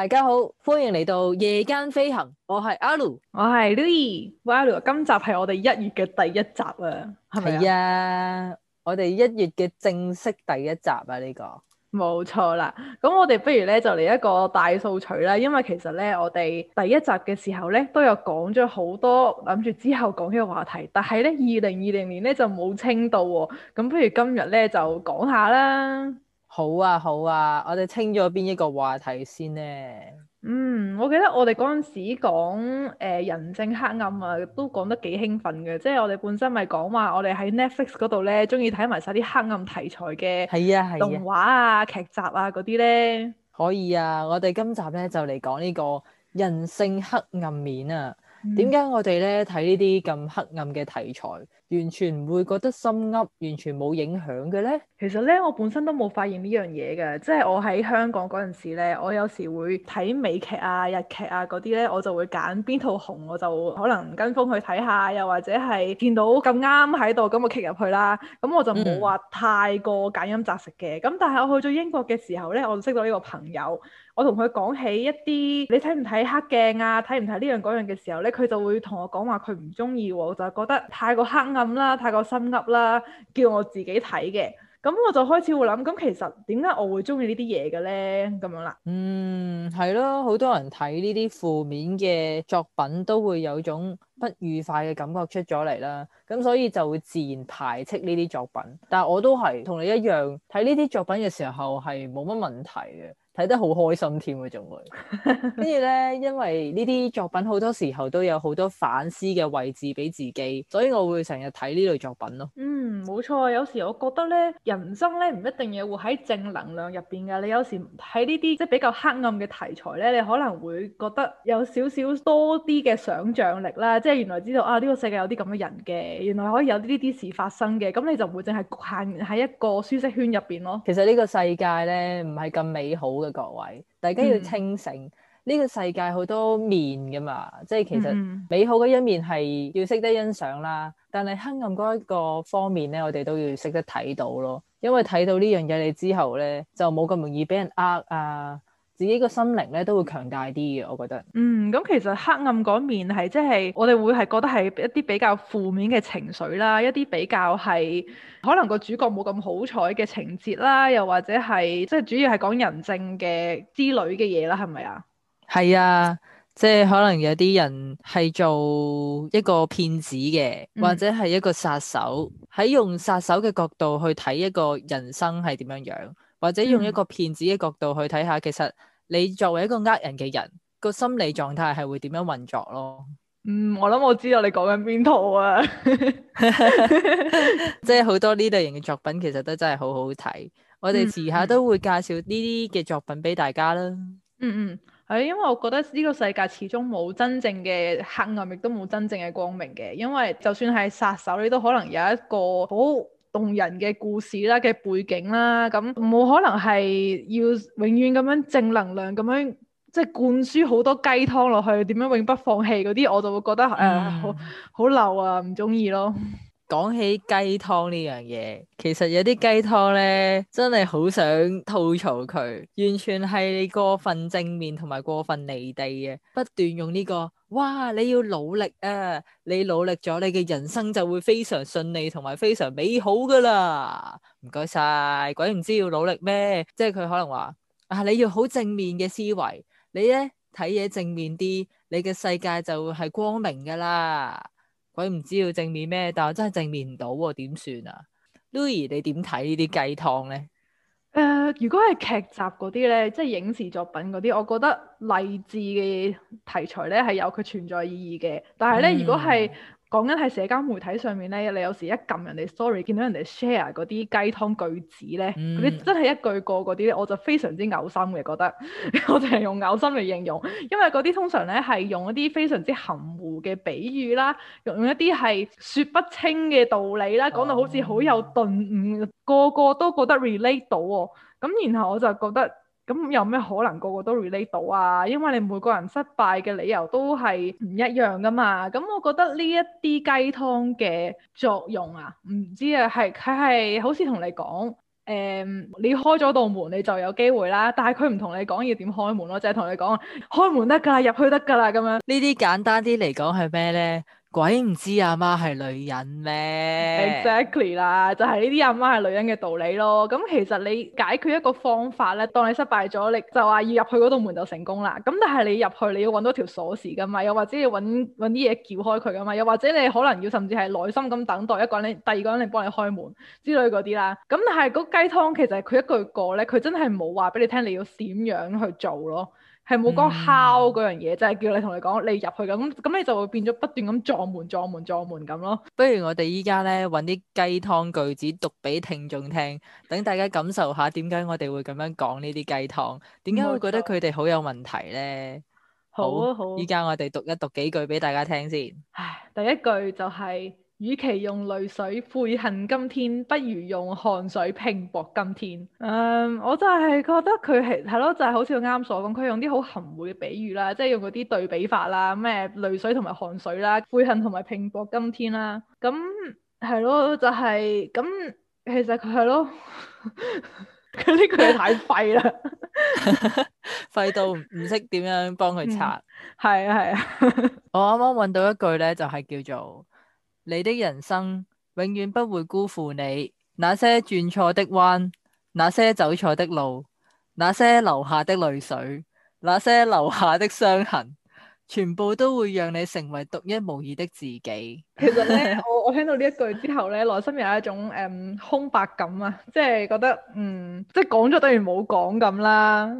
大家好，歡迎嚟到夜間飛行。我係 Aru，我係 Lui。Aru，今集係我哋一月嘅第一集啊，係咪啊？係啊，我哋一月嘅正式第一集啊，呢、這個冇錯啦。咁我哋不如咧就嚟一個大掃除啦，因為其實咧我哋第一集嘅時候咧都有講咗好多諗住之後講嘅話題，但係咧二零二零年咧就冇清到喎、哦。咁不如今日咧就講下啦。好啊，好啊，我哋清咗邊一個話題先呢？嗯，我記得我哋嗰陣時講誒、呃、人性黑暗啊，都講得幾興奮嘅。即係我哋本身咪講話，我哋喺 Netflix 嗰度咧，中意睇埋晒啲黑暗題材嘅。係啊，係啊，動畫啊、劇集啊嗰啲咧。可以啊，我哋今集咧就嚟講呢個人性黑暗面啊。點解我哋咧睇呢啲咁黑暗嘅題材？完全唔會覺得心噏，完全冇影響嘅咧。其實咧，我本身都冇發現呢樣嘢嘅，即係我喺香港嗰陣時咧，我有時會睇美劇啊、日劇啊嗰啲咧，我就會揀邊套紅，我就可能跟風去睇下，又或者係見到咁啱喺度咁我劇入去啦。咁我就冇話太過揀飲擇食嘅。咁、嗯、但係我去咗英國嘅時候咧，我就識到呢個朋友，我同佢講起一啲你睇唔睇黑鏡啊、睇唔睇呢樣嗰樣嘅時候咧，佢就會同我講話，佢唔中意喎，就係覺得太過黑暗。咁啦，太過心噏啦，叫我自己睇嘅，咁我就開始會諗，咁其實點解我會中意呢啲嘢嘅咧？咁樣啦，嗯，係咯，好多人睇呢啲負面嘅作品都會有種不愉快嘅感覺出咗嚟啦，咁所以就會自然排斥呢啲作品。但係我都係同你一樣睇呢啲作品嘅時候係冇乜問題嘅。睇得好開心添啊，仲會，跟住咧，因為呢啲作品好多時候都有好多反思嘅位置俾自己，所以我會成日睇呢類作品咯。嗯，冇錯，有時我覺得咧，人生咧唔一定要活喺正能量入邊噶，你有時睇呢啲即係比較黑暗嘅題材咧，你可能會覺得有少少多啲嘅想像力啦，即係原來知道啊，呢個世界有啲咁嘅人嘅，原來可以有啲呢啲事發生嘅，咁你就唔會淨係侷限喺一個舒適圈入邊咯。其實呢個世界咧唔係咁美好。嘅各位，大家要清醒、嗯、呢個世界好多面噶嘛，即係其實美好嘅一面係要識得欣賞啦，但係黑暗嗰一個方面咧，我哋都要識得睇到咯。因為睇到呢樣嘢你之後咧，就冇咁容易俾人呃啊。自己個心靈咧都會強大啲嘅，我覺得。嗯，咁其實黑暗嗰面係即係我哋會係覺得係一啲比較負面嘅情緒啦，一啲比較係可能個主角冇咁好彩嘅情節啦，又或者係即係主要係講人性嘅之類嘅嘢啦，係咪啊？係啊，即係可能有啲人係做一個騙子嘅，或者係一個殺手，喺、嗯、用殺手嘅角度去睇一個人生係點樣樣，或者用一個騙子嘅角度去睇下、嗯、其實。你作為一個呃人嘅人，個心理狀態係會點樣運作咯？嗯，我諗我知道你講緊邊套啊！ 即係好多呢類型嘅作品，其實都真係好好睇。我哋遲下都會介紹呢啲嘅作品俾大家啦。嗯。嗯嗯，係，因為我覺得呢個世界始終冇真正嘅黑暗，亦都冇真正嘅光明嘅。因為就算係殺手，你都可能有一個好。動人嘅故事啦，嘅背景啦，咁冇可能係要永遠咁樣正能量咁樣，即係灌輸好多雞湯落去，點樣永不放棄嗰啲，我就會覺得誒、呃嗯、好好流啊，唔中意咯。講起雞湯呢樣嘢，其實有啲雞湯咧，真係好想吐槽佢，完全係你過分正面同埋過分離地嘅，不斷用呢、這個。哇！你要努力啊！你努力咗，你嘅人生就會非常順利同埋非常美好噶啦。唔該晒，鬼唔知要努力咩？即係佢可能話啊，你要好正面嘅思維，你咧睇嘢正面啲，你嘅世界就係光明噶啦。鬼唔知要正面咩？但係真係正面唔到，啊，點算啊 l o u 你點睇呢啲雞湯咧？如果係劇集嗰啲咧，即係影視作品嗰啲，我覺得勵志嘅題材咧係有佢存在意義嘅。但係咧，如果係，嗯講緊喺社交媒體上面咧，你有時一撳人哋 story 見到人哋 share 嗰啲雞湯句子咧，嗰啲、嗯、真係一句過嗰啲咧，我就非常之嘔心嘅覺得，我就係用嘔心嚟形容，因為嗰啲通常咧係用一啲非常之含糊嘅比喻啦，用一啲係説不清嘅道理啦，講到好似好有頓悟，嗯、個個都覺得 relate 到喎、哦，咁然後我就覺得。咁有咩可能個個都 relate 到啊？因為你每個人失敗嘅理由都係唔一樣噶嘛。咁我覺得呢一啲雞湯嘅作用啊，唔知啊，係佢係好似同你講，誒、嗯，你開咗道門，你就有機會啦。但係佢唔同你講要點開門咯，就係、係、同你講開門得㗎，入去得㗎啦咁樣。呢啲簡單啲嚟講係咩咧？鬼唔知阿媽係女人咩？Exactly 啦，就係呢啲阿媽係女人嘅道理咯。咁其實你解決一個方法咧，當你失敗咗，你就話要入去嗰道門就成功啦。咁但係你入去，你要搵到條鎖匙噶嘛，又或者要搵啲嘢撬開佢噶嘛，又或者你可能要甚至係耐心咁等待一個人你第二個人嚟幫你開門之類嗰啲啦。咁但係嗰雞湯其實佢一句過咧，佢真係冇話俾你聽你要點樣去做咯。係冇講敲嗰樣嘢，就係、是、叫你同你講，你入去咁，咁你就會變咗不斷咁撞門、撞門、撞門，咁咯。不如我哋依家咧揾啲雞湯句子讀俾聽眾聽，等大家感受下點解我哋會咁樣講呢啲雞湯，點解會覺得佢哋好有問題咧？冇錯。好，好啊，好啊，依家我哋讀一讀幾句俾大家聽先。唉，第一句就係、是。與其用淚水悔恨今天，不如用汗水拼搏今天。誒、嗯，我就係覺得佢係係咯，就係、是、好似我啱所講，佢用啲好含糊嘅比喻啦，即係用嗰啲對比法啦，咩淚水同埋汗水啦，悔恨同埋拼搏今天啦。咁係咯，就係、是、咁，其實佢係咯，佢呢句太廢啦 ， 廢到唔識點樣幫佢擦。係啊係啊， 我啱啱揾到一句咧，就係、是、叫做。你的人生永遠不會辜負你，那些轉錯的彎，那些走錯的路，那些留下的淚水，那些留下的傷痕，全部都會讓你成為獨一無二的自己。 其實咧，我我聽到呢一句之後咧，內心有一種誒、嗯、空白感啊，即係覺得嗯，即係講咗等於冇講咁啦。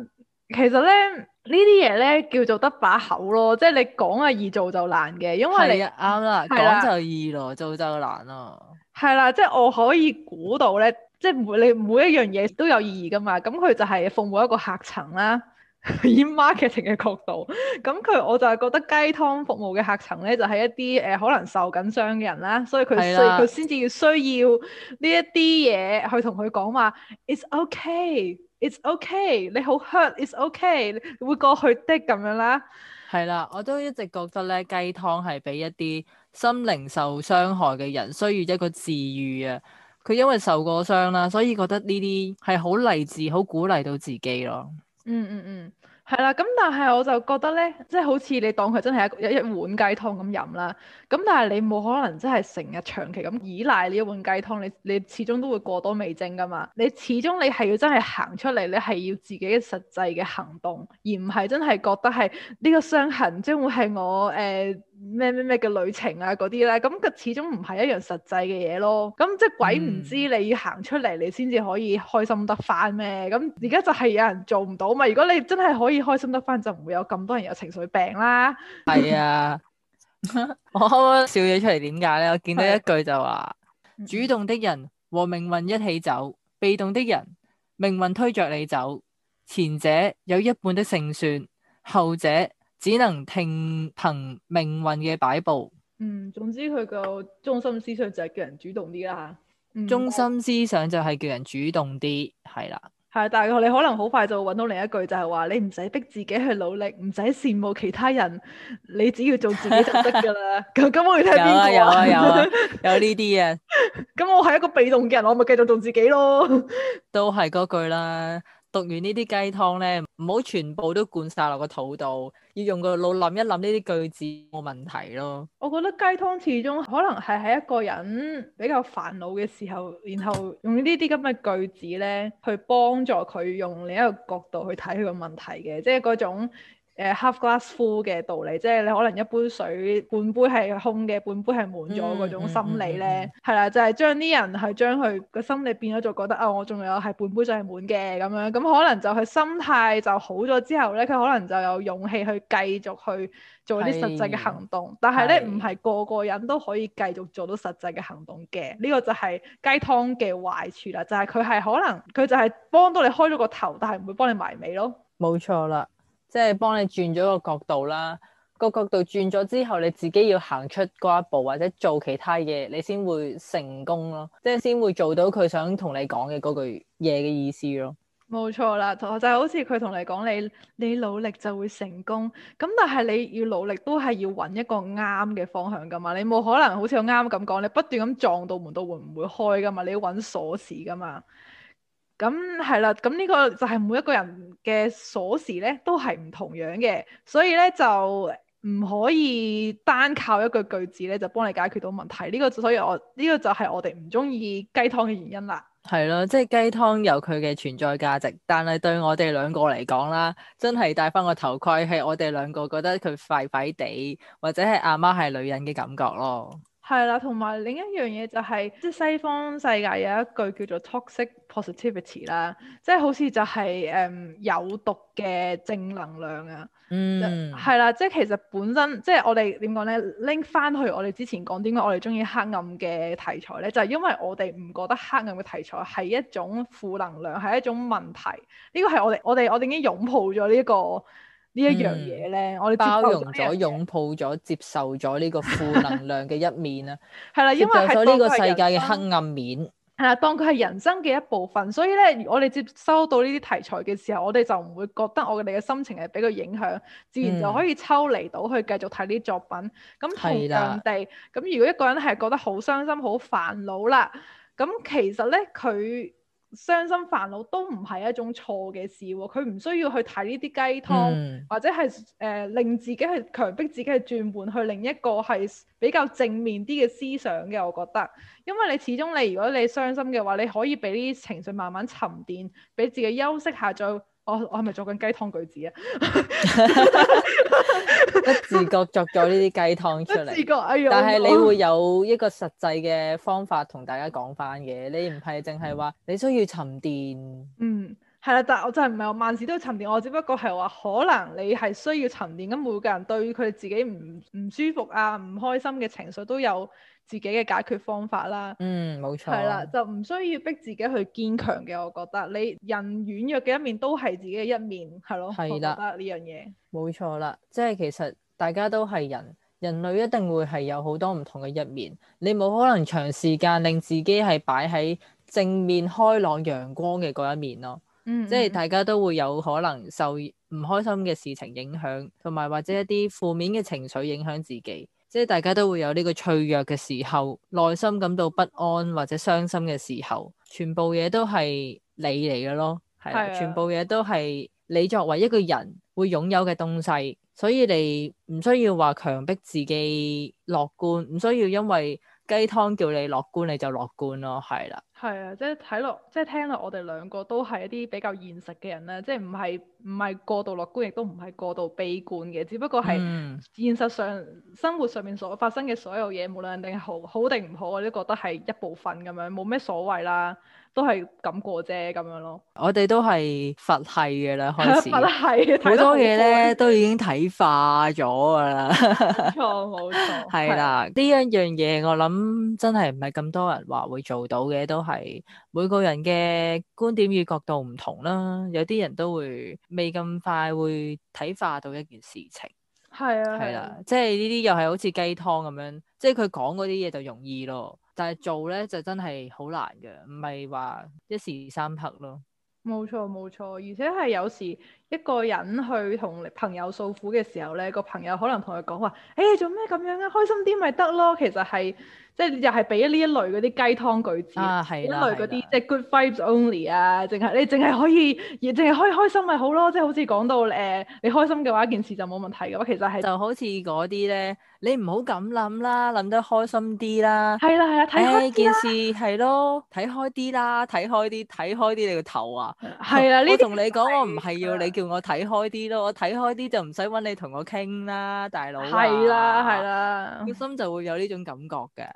其實咧。呢啲嘢咧叫做得把口咯，即係你講啊易做就難嘅，因為你啱、啊、啦，講就易咯，啦做就難咯。係啦，即係我可以估到咧，即係每你每一樣嘢都有意義噶嘛。咁佢就係服務一個客層啦， 以 marketing 嘅角度。咁佢我就係覺得雞湯服務嘅客層咧，就係、是、一啲誒、呃、可能受緊傷嘅人啦，所以佢佢先至要需要呢一啲嘢去同佢講話，it's okay。It's okay，你好 hurt，It's okay，會過去的咁樣啦。係啦，我都一直覺得咧，雞湯係俾一啲心靈受傷害嘅人需要一個治愈啊。佢因為受過傷啦，所以覺得呢啲係好勵志，好鼓勵到自己咯。嗯嗯嗯。係啦，咁但係我就覺得咧，即係好似你當佢真係一一碗雞湯咁飲啦。咁但係你冇可能真係成日長期咁依賴呢一碗雞湯，你你始終都會過多味精噶嘛。你始終你係要真係行出嚟，你係要自己嘅實際嘅行動，而唔係真係覺得係呢個傷痕將會係我誒。呃咩咩咩嘅旅程啊嗰啲咧，咁佢始終唔係一樣實際嘅嘢咯。咁即係鬼唔知你要行出嚟，你先至可以開心得返咩？咁而家就係有人做唔到嘛。如果你真係可以開心得返，就唔會有咁多人有情緒病啦。係啊， 我笑咗出嚟點解咧？我見到一句就話：是的 主動的人和命運一起走，被動的人命運推着你走。前者有一半的勝算，後者，只能聽憑命運嘅擺布。嗯，總之佢個中心思想就係叫人主動啲啦。嗯、中心思想就係叫人主動啲，係啦。係，但係你可能好快就搵到另一句就，就係話你唔使逼自己去努力，唔使羨慕其他人，你只要做自己就得噶啦。咁咁 我要聽邊個、啊啊？有啊有有。有呢啲啊。咁 我係一個被動嘅人，我咪繼續做自己咯。都係嗰句啦。讀完呢啲雞湯咧，唔好全部都灌晒落個肚度，要用個腦諗一諗呢啲句子冇問題咯。我覺得雞湯始終可能係喺一個人比較煩惱嘅時候，然後用呢啲咁嘅句子咧，去幫助佢用另一個角度去睇佢個問題嘅，即係嗰種。誒 Half glass full 嘅道理，即係你可能一杯水半杯係空嘅，半杯係滿咗嗰種心理咧，係啦、嗯嗯嗯，就係、是、將啲人係將佢個心理變咗做覺得啊、哦，我仲有係半杯水係滿嘅咁樣，咁、嗯、可能就係心態就好咗之後咧，佢可能就有勇氣去繼續去做啲實際嘅行動。是但係咧，唔係個個人都可以繼續做到實際嘅行動嘅，呢、呢個就係雞湯嘅壞處啦。就係佢係可能佢就係幫到你開咗個頭，但係唔會幫你埋尾咯。冇錯啦。即係幫你轉咗個角度啦，個角度轉咗之後，你自己要行出嗰一步或者做其他嘢，你先會成功咯。即係先會做到佢想同你講嘅嗰句嘢嘅意思咯。冇錯啦，就係好似佢同你講你你努力就會成功，咁但係你要努力都係要揾一個啱嘅方向噶嘛。你冇可能好似我啱咁講，你不斷咁撞到門都會唔會開噶嘛？你要揾鎖匙噶嘛？咁係啦，咁呢個就係每一個人嘅鎖匙咧，都係唔同樣嘅，所以咧就唔可以單靠一個句子咧就幫你解決到問題。呢個所以我呢個就係我哋唔中意雞湯嘅原因啦。係咯，即係雞湯有佢嘅存在價值，但係對我哋兩個嚟講啦，真係戴翻個頭盔係我哋兩個覺得佢廢廢地，或者係阿媽係女人嘅感覺咯。係啦，同埋另一樣嘢就係、是、即係西方世界有一句叫做 toxic positivity 啦、就是，即係好似就係誒有毒嘅正能量啊。嗯，係啦，即係其實本身即係我哋點講咧，拎翻去我哋之前講點解我哋中意黑暗嘅題材咧，就係、是、因為我哋唔覺得黑暗嘅題材係一種負能量，係一種問題。呢、這個係我哋我哋我哋已經擁抱咗呢、這個。一呢、嗯、一樣嘢咧，我哋包容咗、擁抱咗、接受咗呢個負能量嘅一面啦。係啦 的，因為咗呢個世界嘅黑暗面。係啦，當佢係人生嘅一部分，所以咧，我哋接收到呢啲題材嘅時候，我哋就唔會覺得我哋嘅心情係俾佢影響，自然就可以抽離到去繼續睇呢啲作品。咁、嗯、同樣地，咁的如果一個人係覺得好傷心、好煩惱啦，咁其實咧佢。傷心煩惱都唔係一種錯嘅事喎，啊，佢唔需要去睇呢啲雞湯，嗯、或者係誒、呃、令自己係強迫自己去轉換去另一個係比較正面啲嘅思想嘅，我覺得，因為你始終你如果你傷心嘅話，你可以俾呢啲情緒慢慢沉澱，俾自己休息下再。我我係咪作緊雞湯句子啊？不 自覺作咗呢啲雞湯出嚟絆。但係你會有一個實際嘅方法同大家講翻嘅，你唔係淨係話你需要沉澱。嗯，係啦，但係我真係唔係話萬事都要沉澱，我只不過係話可能你係需要沉澱。咁每個人對佢自己唔唔舒服啊、唔開心嘅情緒都有。自己嘅解決方法啦，嗯，冇錯，係啦，就唔需要逼自己去堅強嘅，我覺得你人軟弱嘅一面都係自己嘅一面，係咯，係啦的，呢樣嘢冇錯啦，即係其實大家都係人，人類一定會係有好多唔同嘅一面，你冇可能長時間令自己係擺喺正面開朗陽光嘅嗰一面咯，嗯嗯嗯，即係大家都會有可能受唔開心嘅事情影響，同埋或者一啲負面嘅情緒影響自己。即係大家都會有呢個脆弱嘅時候，內心感到不安或者傷心嘅時候，全部嘢都係你嚟嘅咯，係啊，全部嘢都係你作為一個人會擁有嘅東西。所以你唔需要話強迫自己樂觀，唔需要因為雞湯叫你樂觀你就樂觀咯，係啦。係啊，即係睇落，即係聽落，我哋兩個都係一啲比較現實嘅人啦，即係唔係唔係過度樂觀，亦都唔係過度悲觀嘅，只不過係現實上、嗯、生活上面所發生嘅所有嘢，無論定係好好定唔好，我都覺得係一部分咁樣，冇咩所謂啦。都係咁過啫，咁樣咯。我哋都係佛系嘅啦，開始。 佛系，好多嘢咧都已經睇化咗噶啦。錯 冇 錯。係啦，呢一 的的樣嘢我諗真係唔係咁多人話會做到嘅，都係每個人嘅觀點與角度唔同啦。有啲人都會未咁快會睇化到一件事情。係啊。係 啦，即係呢啲又係好似雞湯咁樣，即係佢講嗰啲嘢就容易咯。但係做咧就真係好難嘅，唔係話一時三刻咯。冇錯冇錯，而且係有時一個人去同朋友訴苦嘅時候咧，個朋友可能同佢講話：誒、欸，做咩咁樣啊？開心啲咪得咯。其實係。即係又係俾呢一類嗰啲雞湯句子，一類嗰啲即係 good vibes only 啊，淨係你淨係可以，淨係可以開心咪好咯，即係好似講到誒，你開心嘅話，件事就冇問題嘅。其實係就好似嗰啲咧，你唔好咁諗啦，諗得開心啲啦。係啦係啦，睇開件事係咯，睇開啲啦，睇開啲，睇開啲你個頭啊。係啦，呢我同你講，我唔係要你叫我睇開啲咯，我睇開啲就唔使搵你同我傾啦，大佬。係啦係啦，開心就會有呢種感覺嘅。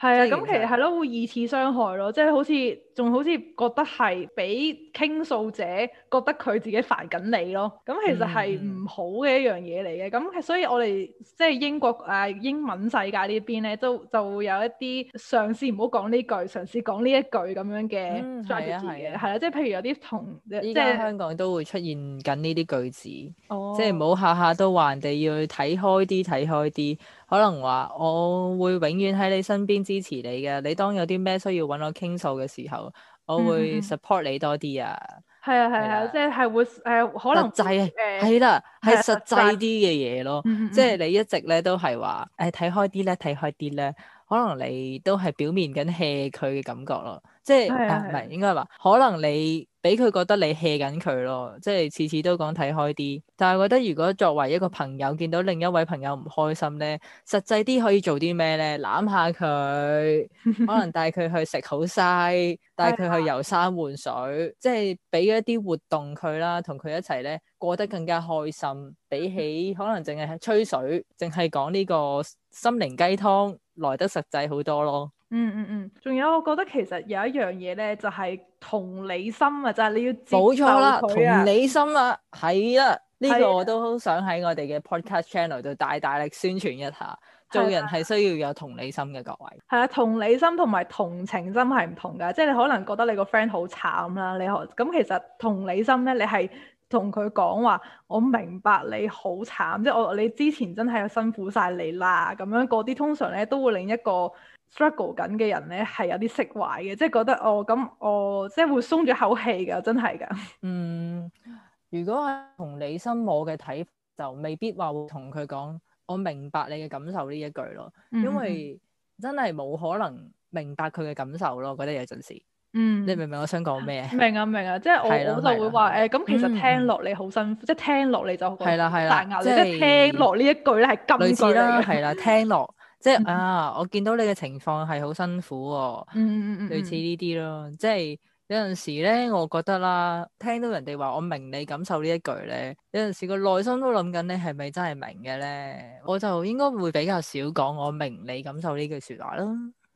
係啊，咁來其實係咯，的的會二次傷害咯，即係好似仲好似覺得係俾傾訴者覺得佢自己煩緊你咯，咁其實係唔好嘅一樣嘢嚟嘅。咁、嗯、所以我哋即係英國誒、啊、英文世界邊呢邊咧，都就會有一啲嘗試唔好講呢句，嘗試講呢一句咁樣嘅句子嘅，係啦，即係譬如有啲同即係香港都會出現緊呢啲句子，即係唔好下下都話人哋要睇開啲，睇開啲。可能話我會永遠喺你身邊支持你嘅，你當有啲咩需要搵我傾訴嘅時候，我會 support 你多啲啊。係啊係啊，即係會係可能實際係啦，係實際啲嘅嘢咯。嗯嗯、即係你一直咧都係話誒睇開啲咧，睇開啲咧，可能你都係表面緊 hea 佢嘅感覺咯。即係唔係應該話，可能你俾佢覺得你 hea 緊佢咯，即係次次都講睇開啲。但係我覺得，如果作為一個朋友，見到另一位朋友唔開心咧，實際啲可以做啲咩咧？攬下佢，可能帶佢去食好嘥，帶佢去遊山玩水，的即係俾一啲活動佢啦，同佢一齊咧過得更加開心。比起可能淨係吹水，淨係講呢個心靈雞湯，來得實際好多咯。嗯嗯嗯，仲有，我覺得其實有一樣嘢咧，就係同理心啊，就係你要接受佢啊。冇錯啦，同理心啊，係啦，呢個我都想喺我哋嘅 Podcast Channel 度大大力宣傳一下。做人係需要有同理心嘅，的各位係啊，同理心同埋同情心係唔同噶，即係你可能覺得你個 friend 好慘啦，你可咁其實同理心咧，你係同佢講話，我明白你好慘，即係我你之前真係辛苦晒你啦，咁樣嗰啲通常咧都會另一個 struggle 緊嘅人咧係有啲釋懷嘅，即係覺得哦，咁我即係會鬆咗口氣噶，真係噶嗯，如果係同你心我嘅睇就未必話會同佢講，我明白你嘅感受呢一句咯，因為真係冇可能明白佢嘅感受咯，我覺得有陣時。嗯，你明唔明我想講咩啊？明啊明啊，即係我，我就會話誒，咁、欸、其實聽落你好辛苦。嗯、即係聽落你就係啦係啦，即係聽落呢一句咧係金句啦，係啦聽落。即係啊，我見到你嘅情況係好辛苦哦。嗯嗯嗯，類似呢啲咯。即係有陣時咧，我覺得啦，聽到人哋話我明你感受呢一句咧，有陣時個內心都諗緊，你係咪真係明嘅咧？我就應該會比較少講我明你感受呢句說話啦。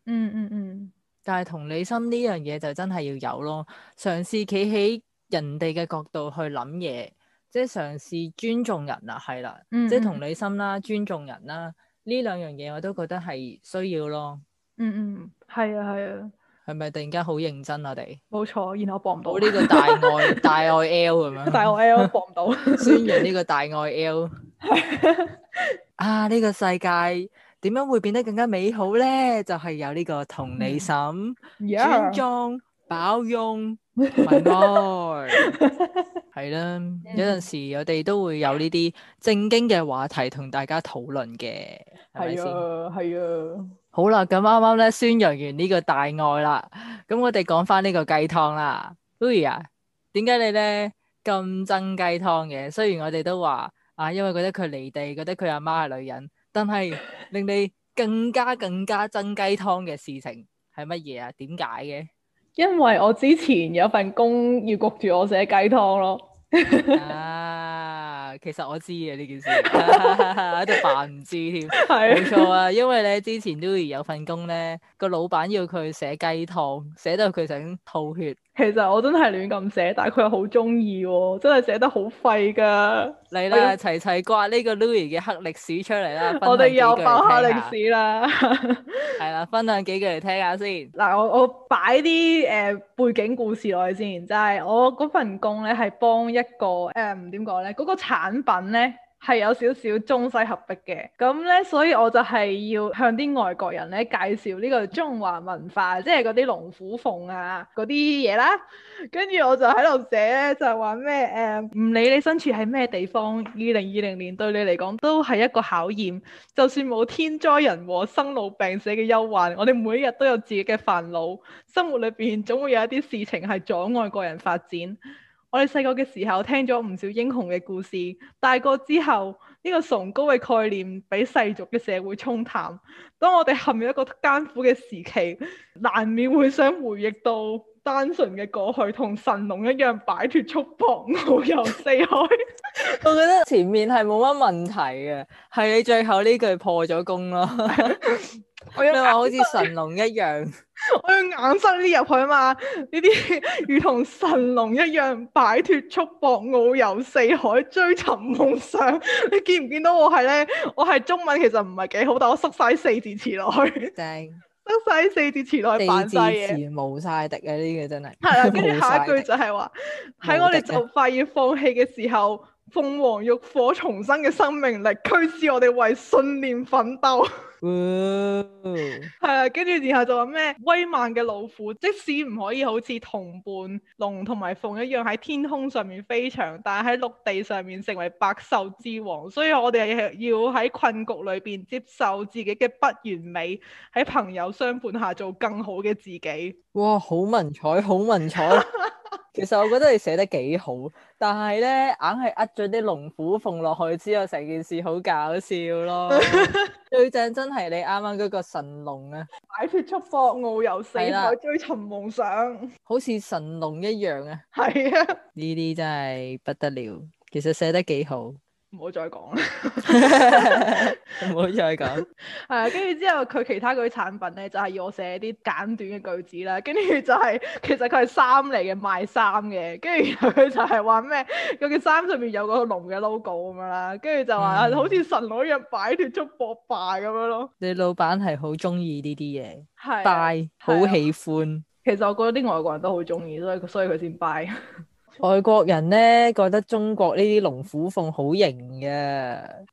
嗯嗯嗯。但係同理心呢樣嘢就真係要有咯，嘗試企喺人哋嘅角度去諗嘢，即係嘗試尊重人、啊、啦，係啦、嗯嗯嗯，即係同理心啦、啊，尊重人啦、啊。呢兩樣嘢我都覺得係需要咯。嗯嗯，係啊係啊。係咪、啊、突然間好認真？我哋冇錯，然後博唔到。呢個大愛 大愛 L 咁樣。 大愛 L 博唔到。 宣揚呢個大愛 L。 啊！呢、這個世界點樣會變得更加美好咧？就係、是、有呢個同理心、嗯 yeah. 尊重、重、包容。係咯，係啦，有陣時我哋都會有呢啲正經嘅話題同大家討論嘅，係咪先？係啊，係啊。好啦，咁啱啱咧宣揚完呢個大愛啦，咁我哋講翻呢個雞湯啦。Lui 啊，點解你咧咁憎雞湯嘅？雖然我哋都話啊，因為覺得佢離地，覺得佢阿媽係女人，但係令你更加更加憎雞湯嘅事情係乜嘢啊？點解嘅？因為我之前有份工要焗住我寫雞湯咯， 啊，其實我知嘅呢件事，一度扮唔知添，係，冇錯啊，因為咧之前 Lui 有份工咧，個老闆要佢寫雞湯，寫到佢想吐血。其實我真係亂咁寫，但係佢又好中意喎，真係寫得好廢㗎。嚟啦，齊齊掛呢個 Lui 嘅黑歷史出嚟啦，我哋又爆下歷史啦。係啦，分享幾句嚟聽下先。嗱，我我擺啲誒背景故事落去先，即係我份工咧係幫一個誒點講咧，嗰個產品咧。係有少少中西合璧嘅，咁咧，所以我就係要向啲外國人咧介紹呢個中華文化，即係嗰啲龍虎鳳啊嗰啲嘢啦。跟住我就喺度寫咧，就係話咩誒，唔、呃、理你身處喺咩地方，二零二零年對你嚟講都係一個考驗。就算冇天災人禍，生老病死嘅憂患，我哋每一日都有自己嘅煩惱，生活裏邊總會有一啲事情係阻礙個人發展。我哋細個嘅時候聽咗唔少英雄嘅故事，大個之後呢個崇高嘅概念俾世俗嘅社會沖淡，當我哋陷入一個艱苦嘅時期，難免會想回憶到。單純嘅過去同神龍一樣擺脫束縛遨遊四海， 我覺得前面係冇乜問題嘅，係你最後呢句破咗功咯。你話好似神龍一樣， 我用硬塞啲入去啊嘛，呢啲如同神龍一樣擺脫束縛遨遊四海追尋夢想。你見唔見到我係咧？我係中文其實唔係幾好，但我縮晒四字詞落去。 正。得晒四字詞內扮晒嘢，冇晒敵呀，呢個真係。係啦，跟住下一句就係話，喺 的我哋就快要放棄嘅時候，鳳凰浴火重生嘅生命力驅使我哋為信念奮鬥。 係啊，跟住、哦、 然後就話咩威猛嘅老虎，即使唔可以好似同伴龍同埋鳳一樣喺天空上面飛翔，但係喺陸地上面成為百獸之王。所以我哋係要喺困局裏邊接受自己嘅不完美，喺朋友相伴下做更好嘅自己。哇，好文采，好文采。 其實我覺得你寫得幾好，但係咧硬係呃咗啲龍虎鳳落去之後，成件事好搞笑咯。 最正真係你啱啱嗰個神龍啊！擺脫束縛，遨遊四海，追尋夢想。好似神龍一樣啊！係啊是的！呢 啲真係不得了，其實寫得幾好。唔好再講啦，唔好再講。係啊，跟住之後佢其他嗰啲產品咧，就係、是，要我寫啲簡短嘅句子啦。跟住就係、是，其實佢係衫嚟嘅，賣衫嘅。跟住佢就係話咩？佢嘅衫上面有個龍嘅 logo 咁樣啦。跟住就話好似神龍一樣擺脫束縛咁樣咯。你老闆係好中意呢啲嘢，buy 好喜歡。其實我覺得啲外國人都好中意，所以所以佢先 buy。 外國人咧，覺得中國呢啲龍虎鳳好型嘅，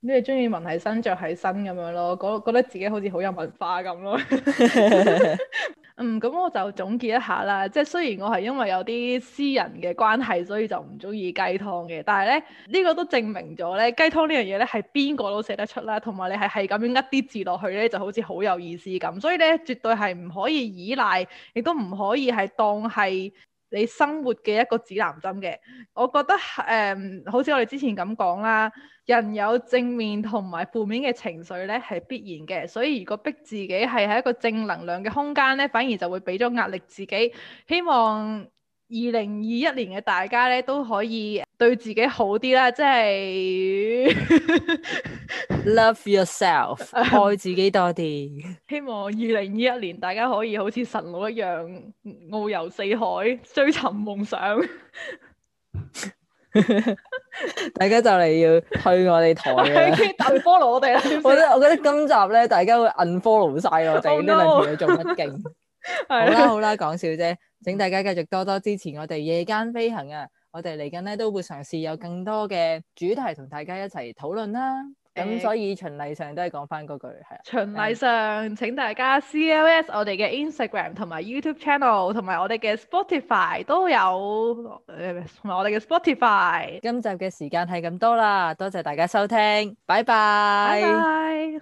咁你中意聞喺身着喺身咁樣咯，覺覺得自己好似好有文化咁咯。 嗯，咁我就總結一下啦，即係雖然我係因為有啲私人嘅關係，所以就唔中意雞湯嘅，但係咧呢、呢個都證明咗咧雞湯呢樣嘢咧係邊個都寫得出啦，同埋你係係咁樣噏啲字落去咧，就好似好有意思咁，所以咧絕對係唔可以依賴，亦都唔可以係當係。你生活嘅一個指南針嘅，我覺得誒、嗯，好似我哋之前咁講啦，人有正面同埋負面嘅情緒咧，係必然嘅，所以如果逼自己係喺一個正能量嘅空間咧，反而就會俾咗壓力自己。希望二零二一年嘅大家咧，都可以對自己好啲啦，即、就、係、是、 love yourself，、uh, 愛自己多啲。希望二零二一年大家可以好似神老一樣遨遊四海，追尋夢想。 大家就嚟要去我哋台嘅，跟住 follow 我哋啦。我覺得我覺得今集咧，大家會 unfollow 晒我哋呢兩期，做乜勁？好啦 好啦，講笑啫，請大家繼續多多支持我哋夜間飛行啊！我哋嚟緊咧都會嘗試有更多嘅主題同大家一齊討論啦。咁、欸、所以循例上都係講翻嗰句係。循、啊、例上，嗯、請大家 C L S 我哋嘅 Instagram 同埋 YouTube Channel 同埋我哋嘅 Spotify 都有，同、呃、埋我哋嘅 Spotify。今集嘅時間係咁多啦，多謝大家收聽，拜拜。